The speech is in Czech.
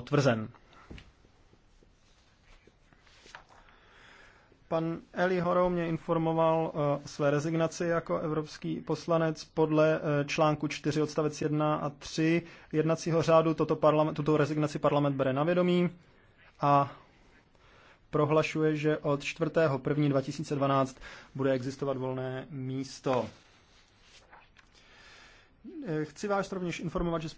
potvrzen. Pan Eli Horou mě informoval o eh, své rezignaci jako evropský poslanec podle eh, článku 4 odstavec 1 a 3 jednacího řádu. Toto parlament, tuto rezignaci parlament bere na vědomí a prohlašuje, že od 4.1.2012 bude existovat volné místo. Eh, chci vás rovněž informovat, že